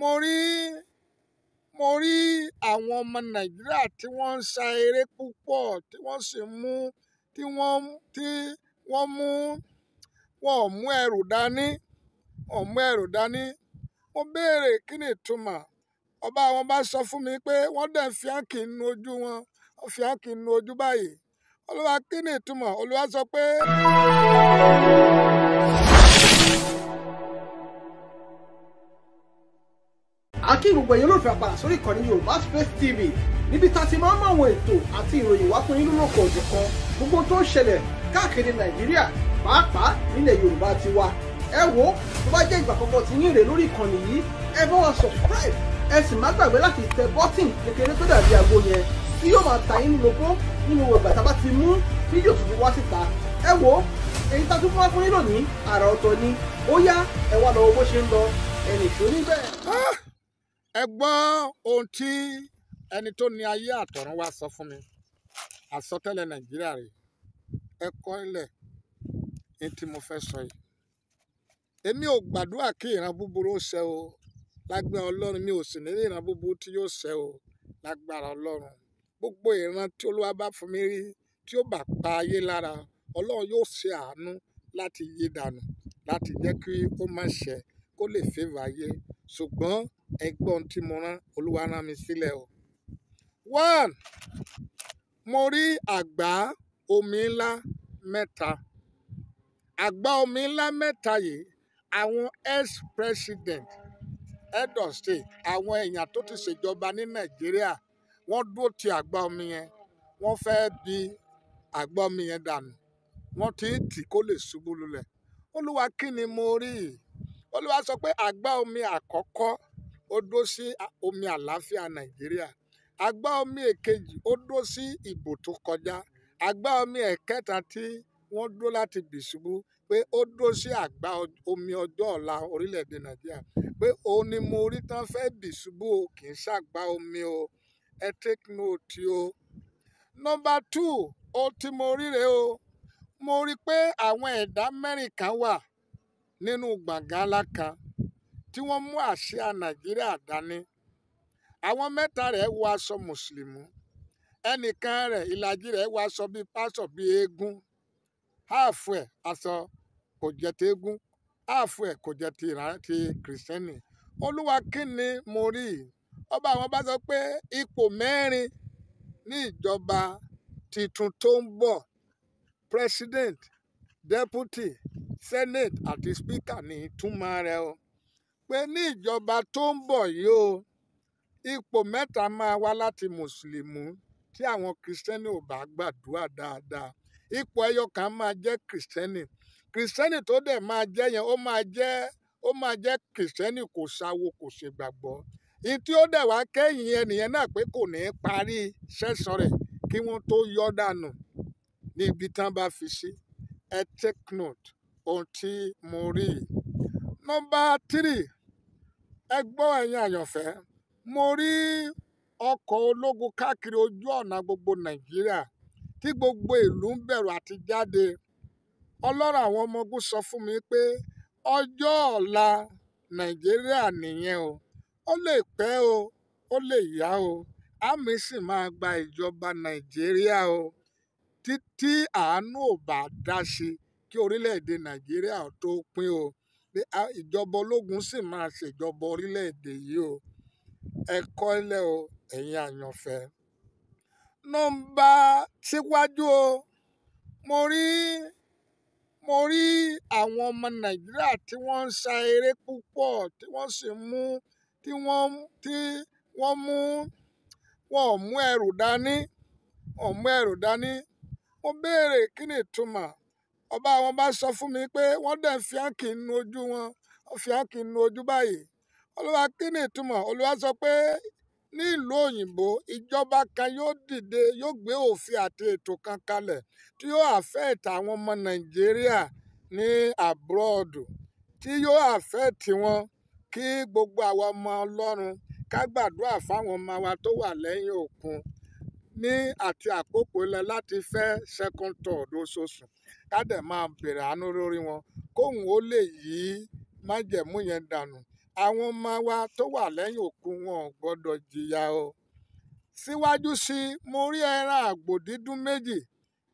mo rí mo rí àwọn ọmọ nàìjíríà tí wọ́n ń sa eré púpọ̀ tí wọ́n sì mú tí wọ́n tí wọ́n mú wọn ò mú ẹrù dání wọn ò mú ẹrù dání mo béèrè kí ni ìtumọ̀ ọba wọn bá sọ fún mi pé wọ́n dẹ̀ fi áǹkì nu ojú wọn wọ́n fi áǹkì nu ojú báyìí olúwa kí ni ìtumọ̀ olúwa sọ pé. kí gbogbo ẹ̀yin olóòfẹ́ apàdà sórí ìkànnì Yorùbá Space TV níbi tá a ti máa ń mọ àwọn ètò àti ìròyìn wá fún yín lónà kan òjò kan gbogbo tó ń ṣẹlẹ̀ káàkiri Nàìjíríà pàápàá nílẹ̀ Yorùbá ti wa ẹ wo tó bá jẹ́ ìgbà kankan tí yín rè lórí ìkànnì yìí ẹ bá wa subscribe ẹ sì má gbàgbé láti tẹ bọ́tìn kékeré tó dàbí àgbo yẹn tí yóò máa ta yín lóko nínú ìgbà tá a bá ti mú fídíò tuntun wá síta ẹ wo èyí tá a tún fún wa fún yín lónìí àrà ọ̀tọ̀ ni ó yá ẹ wá lọ owó ṣe ń lọ ẹnì ìṣó níbẹ̀. Ah! ẹ gbọ́ ohun tí ẹni tó ní ayé àtọ̀run wá sọ fún mi àsọtẹ́lẹ̀ nàìjíríà rèé ẹ kọ́ ilẹ̀ ní tí mo fẹ́ sọ yìí èmi ò gbàdúrà kí ìran búburú ṣẹ o lágbára ọlọ́run mi ò sì ní ìran búburú tí yóò ṣẹ o lágbára ọlọ́run gbogbo ìran tí olúwa bá fún mi rí tí ó bá pa ayé lára ọlọ́run yóò ṣe àánú láti yí dànù láti jẹ́ kí ó má ṣẹ kó lè fèvà ayé ṣùgbọ́n ẹ gbọ́ ohun tí mo rán olúwa rán mi sílẹ̀ o. one mo rí àgbá omi ńlá mẹ́ta àgbá omi ńlá mẹ́ta yìí àwọn ex-president head of state àwọn èèyàn tó ti ṣèjọba ní nàìjíríà wọ́n dúró ti àgbá omi yẹn wọ́n fẹ́ẹ́ bi àgbá omi yẹn dànù wọ́n ti ń tì kó lè ṣubú lulẹ̀ olúwa kí ni mo rí olúwa sọ pé àgbá omi àkọ́kọ́ ó dúró sí omi àlàáfíà nàìjíríà agbá omi èkejì ó dúró sí ìbò tó kọjá agbá omi ẹ̀kẹta tí wọ́n dúró láti bìṣubú pé ó dúró sí àgbá omi ọjọ́ ọ̀la orílẹ̀-èdè nàìjíríà pé òun ni mo rí tán fẹ́ bìṣubú o kì í ṣàgbá omi o ẹ take note o. nọ́mbà two ó ti mo ríre o mo rí pé àwọn ẹ̀dá mẹ́rin kan wà nínú gbàngàn ńlá tí wọ́n mú àsíá nàìjíríà dání àwọn mẹ́ta rẹ̀ wọ aṣọ mùsùlùmí ẹnìkan rẹ̀ ìlàjì rẹ̀ wọ aṣọ bíi pásọ̀ bíi eégún háàfù ẹ̀ aṣọ kò jẹ́ ti eégún háàfù ẹ̀ kò jẹ́ ti ìrántí kìrìsìtẹ́nì olúwa kí ni mo rí ọba àwọn bá sọ pé ipò mẹ́rin ní ìjọba titun tó ń bọ̀ president deputy senate àti speaker ní ìtumọ̀ rẹ̀ o pé ní ìjọba tó ń bọ̀ yìí o ipò mẹ́ta máa wá láti mùsùlùmí tí àwọn kìrìsìtẹ́nì ò bá gbàdúrà dáadáa ipò ẹyọ kan máa jẹ́ kìrìsìtẹ́nì kìrìsìtẹ́nì tó dẹ̀ máa jẹ́ yẹn ó máa jẹ́ ó máa jẹ́ kìrìsìtẹ́nì kò ṣàwo kò ṣègbàgbọ́ ní tí ó dẹ̀ wá kẹ́yìn ẹnìyẹn náà pé kò ní í parí sẹ́sọ rẹ̀ kí wọ́n tó yọ́ dànù ní ibi tán bá fi sí ẹ take note ohun tí mo rí nọ́mbà three ẹ gbọ́ ẹ̀yin àyànfẹ́ mo rí ọkọ̀ ológun káàkiri ojú ọ̀nà gbogbo nàìjíríà tí gbogbo ìlú ń bẹ̀rù àti jáde ọlọ́run àwọn ọmọ ogun sọ fún mi pé ọjọ́ ọ̀la nàìjíríà nìyẹn o ó lè pẹ́ o ó lè yá o àmì sì máa gba ìjọba nàìjíríà o títí àánú ò bá dá sí kí orílẹ̀-èdè nàìjíríà tó pín o. pé ìjọba ológun sì máa ṣèjọba orílẹ̀-èdè yìí o ẹ kọ́lẹ̀ o ẹ̀yin àyànfẹ́. nọ́mbà síwájú o mo rí mo rí àwọn ọmọ nàìjíríà tí wọ́n ń sa eré púpọ̀ tí wọ́n sì mú tí wọ́n tí wọ́n mú wọn ò mú ẹrù dání wọn ò mú ẹrù dání mo béèrè kí ni ìtumọ̀ ọba wọn bá sọ fún mi pé wọ́n dẹ̀ fi áǹkì nu ojú wọn wọ́n fi áǹkì nu ojú báyìí olúwa kí ni ìtumọ̀ olúwa sọ pé ní ìlú òyìnbó ìjọba kan yóò dìde yóò gbé òfin àti ètò kan kalẹ̀ tí yóò àfẹ́ẹ̀tì àwọn ọmọ nàìjíríà ní àbúrọ̀dù tí yóò àfẹ́ẹ̀tì wọn kí gbogbo àwọn ọmọ ọlọ́run ká gbàdúrà fáwọn ọmọ wa tó wà lẹ́yìn òkun ní àti àkókò ilẹ̀ láti fẹ́ second third oṣooṣù ká dẹ̀ máa bèrè àánú lórí wọn kóhùn ó lè yí májẹ̀mú yẹn dànù àwọn ọmọ wa tó wà lẹ́yìn òkú wọn gbọ́dọ̀ jìyà o síwájú sí mo rí ẹran àgbò dídún méjì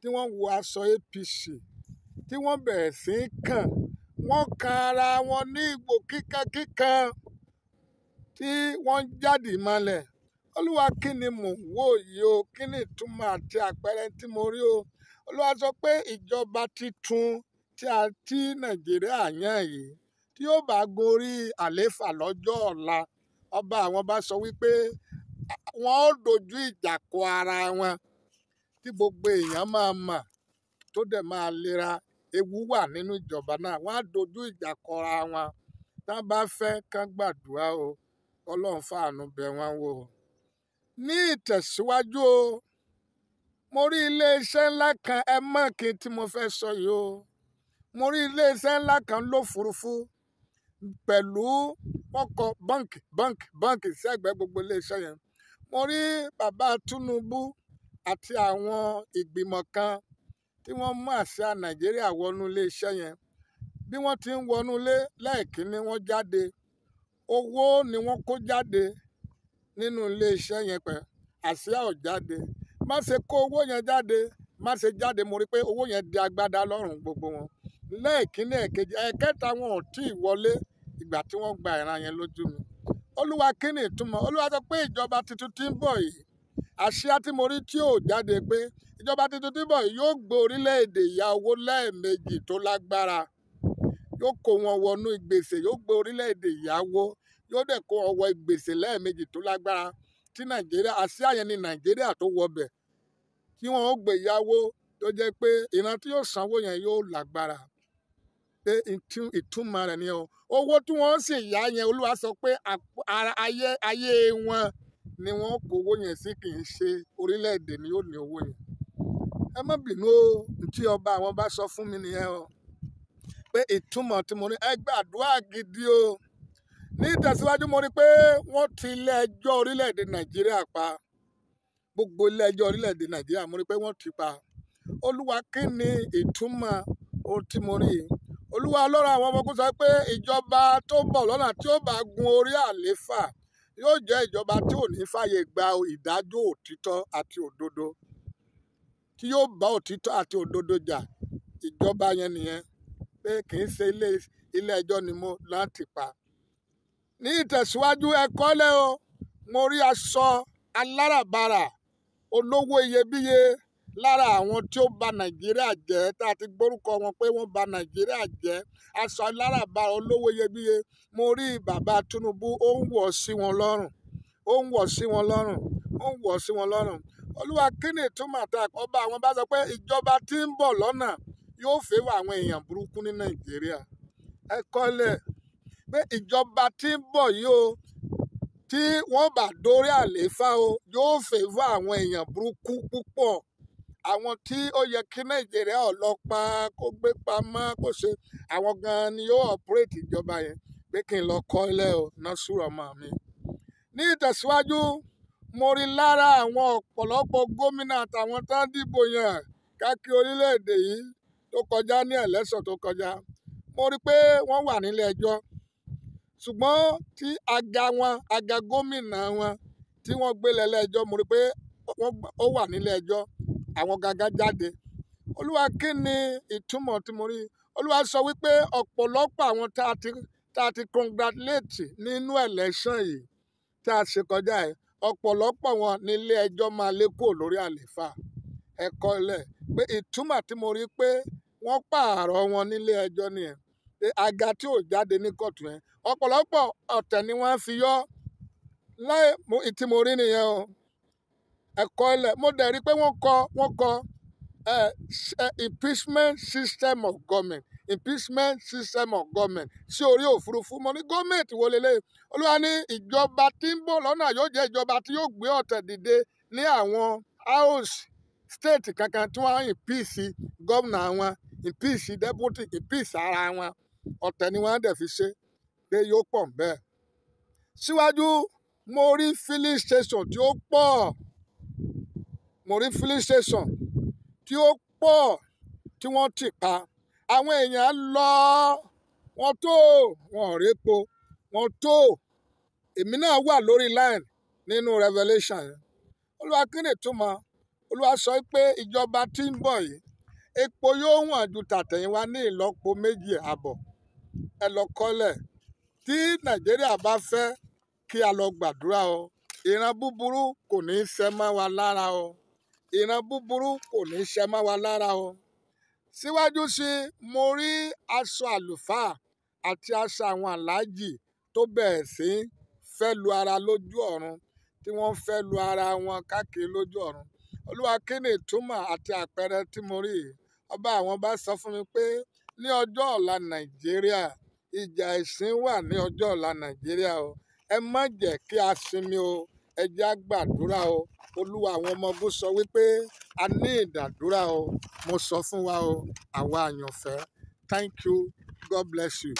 tí wọ́n wọ aṣọ APC tí wọ́n bẹ̀rẹ̀ sí í kàn wọ́n kan ara wọn ní ìgbò kíkankíkan tí wọ́n jáde mọ́lẹ̀ olúwa kí ni mò ń wò yìí o kí ni ìtumọ̀ àti àpẹẹrẹ tí mo rí o olúwa sọ pé ìjọba titun tí a ti nàìjíríà yàn yìí tí yóò bá gun orí àléfà lọ́jọ́ ọ̀la ọba àwọn bá sọ wípé wọn ó dojú ìjà kọ ara wọn tí gbogbo èèyàn máa mọ̀ tó dẹ̀ máa lera ewu wà nínú ìjọba náà wọn á dojú ìjà kọ ara wọn tá bá fẹ́ kán gbàdúrà o ọlọ́run fàánú bẹ̀ wọ́n wò ó. ní ìtẹ̀síwájú o mo rí iléeṣẹ́ ńlá kan ẹ mọ̀ kí n tí mo fẹ́ sọ yìí o mo rí iléeṣẹ́ ńlá kan lófurufú pẹ̀lú ọkọ̀ bọ́ǹkì bọ́ǹkì bọ́ǹkì sí ẹgbẹ́ gbogbo iléeṣẹ́ yẹn mo rí bàbá Tinubu àti àwọn ìgbìmọ̀ kan tí wọ́n mú àsíá Nàìjíríà wọnú iléeṣẹ́ yẹn bí wọ́n ti ń wọnú lé lẹ́ẹ̀kínní wọ́n jáde owó ni wọ́n kó jáde nínú iléeṣẹ́ yẹn pẹ́ àsíá ò jáde má ṣe kó owó yẹn jáde má ṣe jáde mo rí pé owó yẹn di agbádá lọ́rùn gbogbo wọn lẹ́ẹ̀kínní ẹ̀kejì ẹ̀kẹta wọn ò tí ì wọlé ìgbà tí wọ́n gba ìran yẹn lójú mi olúwa kí ni ìtumọ̀ olúwa sọ pé ìjọba tuntun ti ń bọ̀ yìí àṣíá tí mo rí tí ò jáde pé ìjọba tuntun ti ń bọ̀ yìí yóò gbé orílẹ̀-èdè ìyà owó lẹ́ẹ̀mejì tó lágbára yóò kó wọn wọnú ìgbèsè yóò gbé orílẹ̀-èdè ìyà owó yóò dẹ̀ kó ọwọ́ gbèsè lẹ́ẹ̀mejì tó lágbára tí nàìjíríà àsíá àyẹn ni nàìjíríà tó wọbẹ̀ kí wọ́n ó gbèyàwó tó jẹ́ pé ìran tí yóò sanwó yẹn yóò lágbára pé ìtumọ̀ rẹ̀ ni o owó tí wọ́n sì yá yẹn olúwa sọ pé ayé wọn ni wọ́n kó owó yẹn sí kì í ṣe orílẹ̀ ni yóò ní owó yẹn ẹ má bínú ọba sọ fún mi nìyẹn o pé ìtumọ̀ tí mo o ní ìtẹ̀síwájú mo rí i pé wọ́n ti ilé-ẹjọ́ orílẹ̀-èdè nàìjíríà pa gbogbo ilé-ẹjọ́ orílẹ̀-èdè nàìjíríà mo rí pé wọ́n ti pa olúwa kí ni ìtumọ̀ ohun tí mo rí i olúwa ọlọ́run àwọn ọmọkùnrin sọ pé ìjọba tó bọ̀ lọ́nà tí ó bá gun orí àléfà yóò jẹ́ ìjọba tí ò ní fàyè gba ìdájọ́ òtítọ́ àti òdodo tí yóò bá òtítọ́ àti òdodo jà ìjọba yẹn nìyẹn pé kì í ṣe ilé ẹjọ́ ni mo láti pa. ní ìtẹ̀síwájú ẹ̀kọ́ o mo rí aṣọ aláràbarà olówó iyebíye lára àwọn tí ó ba nàìjíríà jẹ tá a ti gbórúkọ wọn pé wọn ba nàìjíríà jẹ́ aṣọ aláràbarà olówó iyebíye mo rí bàbá Tinubu ó ń wọ̀ sí wọn lọrùn ó ń wọ̀ sí wọn lọrùn ó ń wọ̀ sí wọn olúwa kí ni ìtumọ̀ àti àkọ́bá àwọn pé ìjọba tí ń bọ̀ yìí o tí wọ́n bá dórí àlééfà o yóò fèvọ́ àwọn èèyàn burúkú púpọ̀ àwọn tí ó yẹ kí nàìjíríà ọlọ́pàá kó gbé pamọ́ kó ṣe àwọn gan-an ni yóò ọ̀pọ̀rẹ́tì ìjọba yẹn pé kí n lọ kọ́ ilé o násùrọ̀ ọmọ mi. ní ìtẹ̀síwájú mo rí lára àwọn ọ̀pọ̀lọpọ̀ gómìnà àtàwọn tó ń dìbò yàn káàkiri orílẹ̀-èdè yìí tó kọjá ní ẹ̀lẹ́sọ̀ tó kọjá mo rí pé wọ́n wà nílé ẹjọ́ ṣùgbọ́n tí aga wọn aga gómìnà wọn tí wọ́n gbé lẹ́lẹ́ẹjọ́ mo rí pé ó wà nílé ẹjọ́ àwọn gangan jáde olúwa kí ni ìtumọ̀ tí mo rí olúwa sọ wípé ọ̀pọ̀lọpọ̀ àwọn tá a ti tá a ti congratulate nínú election yìí tá a ṣe kọjá yìí ọ̀pọ̀lọpọ̀ wọn nílé ẹjọ́ máa lé kúrò lórí àlééfà ẹ̀kọ́ ilẹ̀ pé ìtumọ̀ tí mo rí pé wọ́n pààrọ̀ wọn nílé ẹjọ́ nìyẹn àga tí ò jáde ní kóòtù yẹn ọ̀pọ̀lọpọ̀ ọ̀tẹ̀ ni wọ́n fi yọ láì tí mo rí nìyẹn o ẹ̀kọ́ ilẹ̀ mo dẹ̀ rí i pé wọ́n kọ wọ́n kọ impeachment system of government impeachment system of government sí orí òfurufú mo ní gómìnà wo lele. olúwa ní ìjọba tí ń bọ̀ lọ́nà yóò jẹ́ ìjọba tí yóò gbé ọ̀tẹ̀ dìde ní àwọn house state kankan tí wọ́n á impeach gómìnà wọn impeach deputy impeach ara wọn ọ̀tẹ̀ ni wọ́n dẹ̀ fi ṣe pé yóò pọ̀ bẹ́ẹ̀. síwájú mo rí filling station tí ó pọ̀ mo rí filling station tí ó pọ̀ tí wọ́n ti pa àwọn èèyàn lọ wọ́n tó wọn ò répo wọ́n tó èmi náà wà lórí line nínú revelation yẹn olúwa kí ni ìtumọ̀ olúwa sọ pé ìjọba tí ń bọ̀ yìí epo yóò wọ́n ju tàtẹ̀yìnwá ní ìlọ́po méjì àbọ̀ ẹ lọ kọ́lẹ̀ tí nàìjíríà bá fẹ́ kí a lọ gbàdúrà o ìran búburú kò ní í ṣe mọ́ wa lára o ìran búburú kò ní í ṣe mọ́ wa lára o síwájú sí mo rí aṣọ àlùfáà àti aṣọ àwọn aláàjì tó bẹ̀rẹ̀ sí fẹ́ lu ara lójú ọ̀run tí wọ́n fẹ́ lu ara wọn káàkiri lójú ọ̀run olúwa kí ni ìtumọ̀ àti àpẹẹrẹ tí mo rí ọba àwọn bá sọ fún mi pé ní ọjọ́ ọ̀la nàìjíríà ìjà ẹ̀sìn wà ní ọjọ́ ọ̀la nàìjíríà o ẹ má jẹ́ kí a sinmi o ẹ jẹ́ gbàdúrà o olúwa àwọn ọmọ sọ wípé a ní ìdàdúrà o mo sọ fún wa o àwa àyànfẹ́ thank you god bless you.